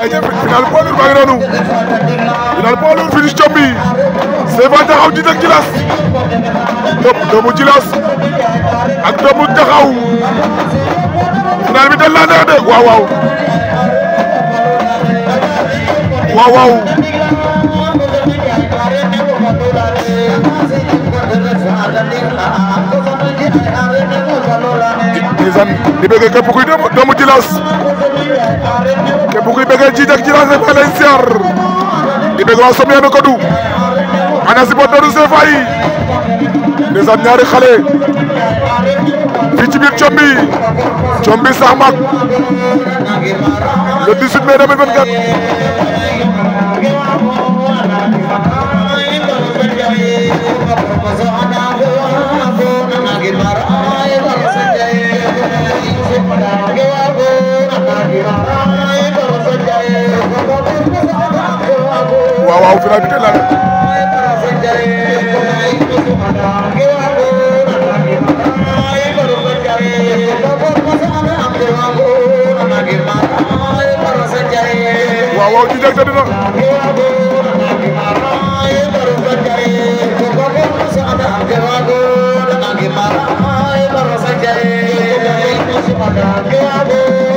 ay jëf final poids lourd baa ngi noonu final poids lourd finish jiit ak Djilass yëpp doomu Djilass ak doomu Diakhao final bi dañ laa neex de waaw waaw waaw waaw ndeysaan di bëgg képp kuy doomu Djilass képp kuy bëgg Djidj ak Djilass rek fa lay siyaar di bëgg waa Sombiya be Kodou ana supporter u CFA yi ndeysaan xale fii ci biir Combi Combi Samak le 18 mai 2024 waaw waaw final bi tey la waaw waaw ji jag dina gonna get it.